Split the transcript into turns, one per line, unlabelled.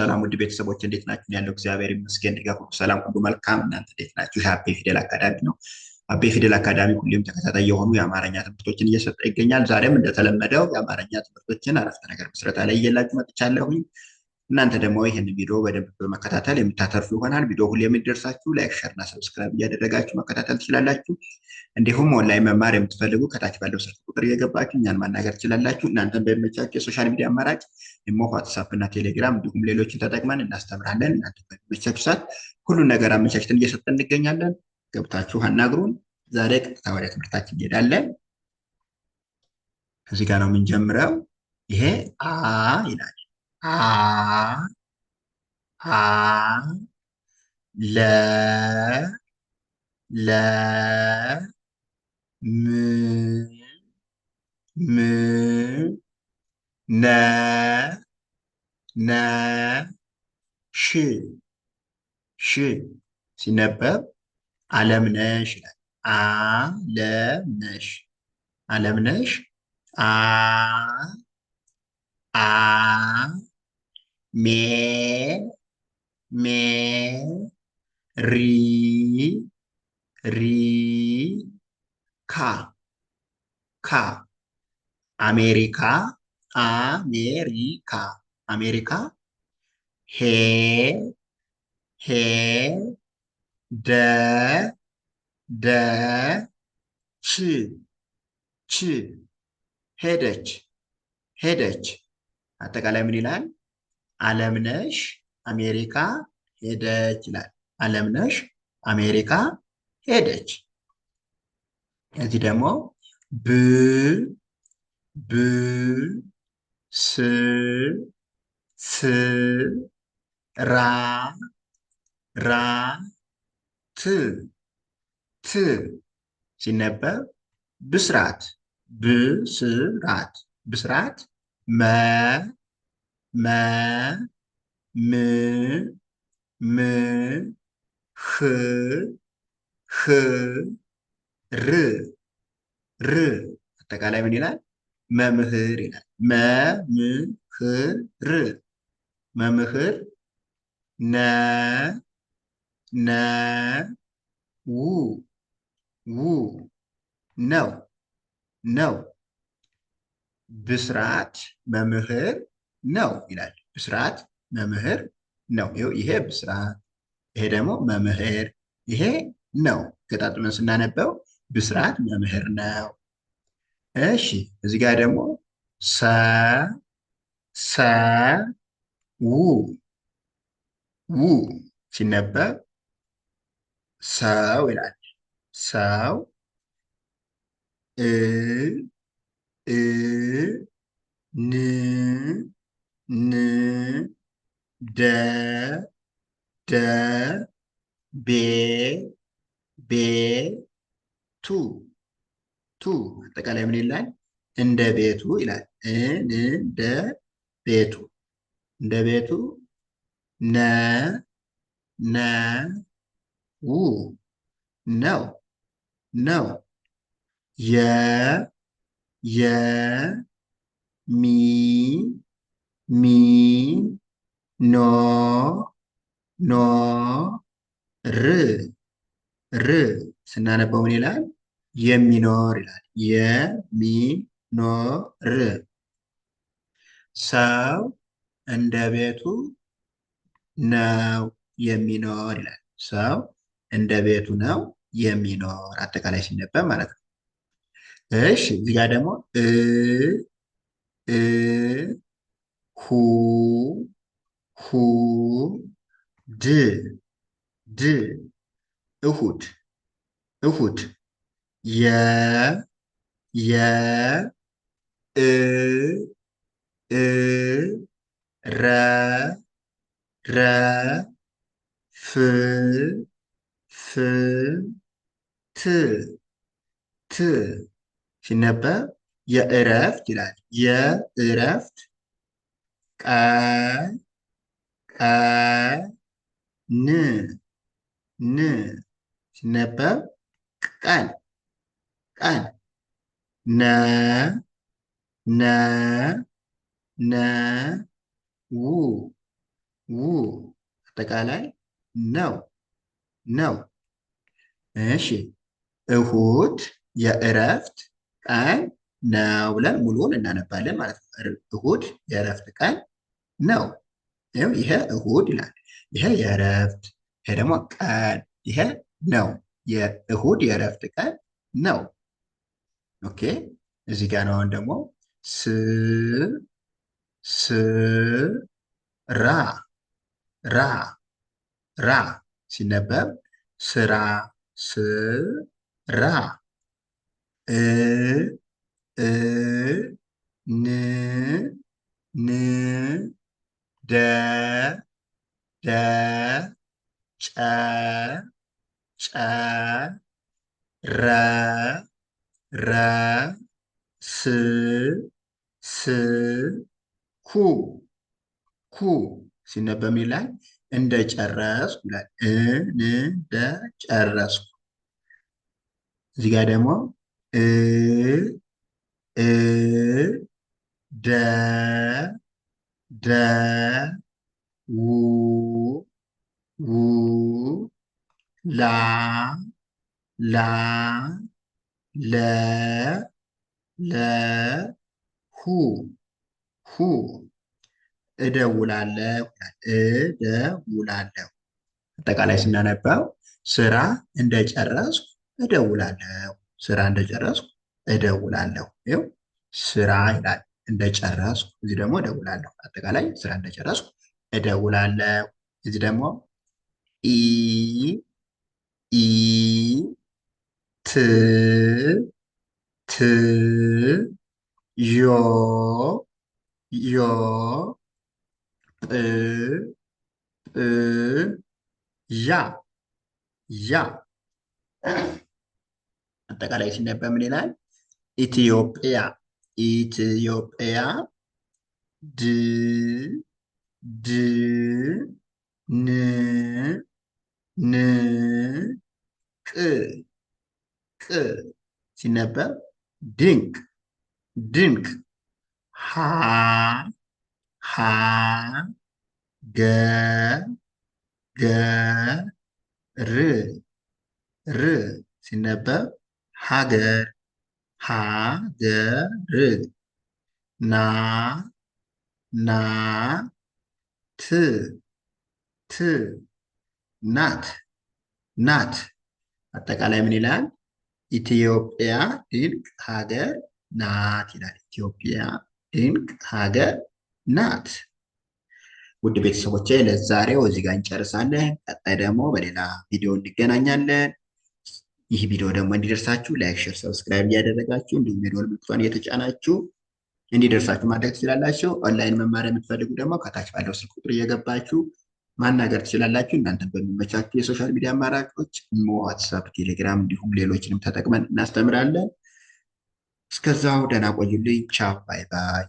ሰላም ውድ ቤተሰቦች እንዴት ናችሁ? ያለው እግዚአብሔር ይመስገን፣ ድጋ ሰላም፣ ሁሉ መልካም። እናንተ እንዴት ናችሁ? የአቤ ፊደል አካዳሚ ነው። አቤ ፊደል አካዳሚ ሁሌም ተከታታይ የሆኑ የአማርኛ ትምህርቶችን እየሰጠ ይገኛል። ዛሬም እንደተለመደው የአማርኛ ትምህርቶችን አረፍተ ነገር ምስረታ ላይ እየላችሁ መጥቻለሁኝ። እናንተ ደግሞ ይህን ቪዲዮ በደንብ በመከታተል የምታተርፉ ይሆናል። ቪዲዮ ሁሉ የሚደርሳችሁ ላይክ፣ ሸር እና ሰብስክራይብ እያደረጋችሁ መከታተል ትችላላችሁ። እንዲሁም ኦንላይን መማር የምትፈልጉ ከታች ባለው ስልክ ቁጥር እየገባችሁ እኛን ማናገር ትችላላችሁ። እናንተን በሚመቻችሁ የሶሻል ሚዲያ አማራጭ ኢሞ፣ ዋትሳፕ እና ቴሌግራም እንዲሁም ሌሎችን ተጠቅመን እናስተምራለን። እናንተ በሚመቻችሁ ሰዓት ሁሉን ነገር አመቻችተን እየሰጠን እንገኛለን። ገብታችሁ አናግሩን። ዛሬ ቀጥታ ወደ ትምህርታችን እንሄዳለን። እዚህ ጋር ነው የምንጀምረው። ይሄ አ ይላል ሀ ሀ ለ ለ ም ም ነ ነ ሽ ሽ ሲነበብ አለምነሽ ይላል። አለምነሽ አለምነሽ አ አ ሜ ሜ ሪ ሪ ካ ካ አሜሪካ አሜሪካ አሜሪካ ሄ ሄ ደ ደ ች ች ሄደች ሄደች አጠቃላይ ምን ይላል? አለምነሽ አሜሪካ ሄደች ይላል። አለምነሽ አሜሪካ ሄደች። እዚህ ደግሞ ብ ብ ስ ስ ራ ራ ት ት ሲነበብ ብስራት ብስራት ብስራት መ መ ም ም ህ ህ ር ር አጠቃላይ ምን ይላል? መምህር ይላል። መምህር መምህር ነ ነ ው ው ነው ነው ብስራት መምህር ነው ይላል። ብስራት መምህር ነው። ይሄ ብስራት፣ ይሄ ደግሞ መምህር፣ ይሄ ነው። ገጣጥመን ስናነበው ብስራት መምህር ነው። እሺ እዚ ጋር ደግሞ ሰ ሰ ው ው ሲነበብ ሰው ይላል። ሰው እ እ ን ደ ደ ቤ ቤ ቱ ቱ አጠቃላይ ምን ይላል? እንደ ቤቱ ይላል። እንደ ቤቱ እንደ ቤቱ ነ ነ ው ነው ነው የ የ ሚ ሚ ኖ ኖ ር ር ስናነበው ምን ይላል? የሚኖር ይላል። የሚኖር ሰው እንደ ቤቱ ነው የሚኖር ይላል። ሰው እንደ ቤቱ ነው የሚኖር አጠቃላይ ሲነበብ ማለት ነው። እሺ እዚህ ጋር ደግሞ እ እ ሁ ሁ ድ ድ እሁድ እሁድ የ የ እ እ ረ ረ ፍ ፍ ት ት ሲነበብ የእረፍት ይላል የእረፍት ቀ ን ን ሲነበብ ቀን ቀን ነ ነ ነ ው ው አጠቃላይ ነው ነው። እሺ እሁድ የእረፍት ቀን ነው ብለን ሙሉውን እናነባለን ማለት ነው። እሁድ የእረፍት ቀን ነው። ይኸው ይሄ እሁድ ይላል። ይሄ የእረፍት ይሄ ደግሞ ቀን ይሄ ነው። የእሁድ የእረፍት ቀን ነው። ኦኬ እዚህ ጋር ነው። ደግሞ ስ ስ ራ ራ ራ ሲነበብ ስራ ስራ እ እ ን ን ደ ደ ጨ ጨ ረ ረ ስ ስ ኩ ኩ ሲነበብ ይላል እንደ ጨረስኩ ይላል። እንደ ጨረስኩ እዚህ ጋር ደግሞ እ እ ደ ደ ው ው ላ ላ ለ ለ ሁ ሁ እደውላለሁ እደውላለሁ አጠቃላይ ስናነባው ስራ እንደጨረስኩ እደውላለሁ ስራ እንደጨረስኩ እደውላለሁ ይኸው ስራ ይላል እንደጨረስኩ እዚህ ደግሞ እደውላለሁ። አጠቃላይ ስራ እንደጨረስኩ እደውላለሁ። እዚህ ደግሞ ኢ ት ት ዮ ዮ ጵ ጵ ያ ያ አጠቃላይ ሲነበብ ምን ይላል? ኢትዮጵያ ኢትዮጵያ ድ ድ ን ን ቅ ቅ ሲነበብ ድንቅ ድንቅ ሀ ሀ ገ ገ ር ር ሲነበብ ሀገር ሀገር ና ና ት ት ናት ናት አጠቃላይ ምን ይላል? ኢትዮጵያ ድንቅ ሀገር ናት ይላል። ኢትዮጵያ ድንቅ ሀገር ናት። ውድ ቤተሰቦቼ ለዛሬው እዚህ ጋር እንጨርሳለን። ቀጣይ ደግሞ በሌላ ቪዲዮ እንገናኛለን። ይህ ቪዲዮ ደግሞ እንዲደርሳችሁ ላይክ፣ ሼር፣ ሰብስክራይብ እያደረጋችሁ እንዲሁም የደወል ምልክቷን እየተጫናችሁ እንዲደርሳችሁ ማድረግ ትችላላችሁ። ኦንላይን መማር የምትፈልጉ ደግሞ ከታች ባለው ስልክ ቁጥር እየገባችሁ ማናገር ትችላላችሁ። እናንተ በሚመቻችሁ የሶሻል ሚዲያ አማራጮች ዋትሳፕ፣ ቴሌግራም እንዲሁም ሌሎችንም ተጠቅመን እናስተምራለን። እስከዛው ደህና ቆዩልኝ። ቻው ባይ ባይ።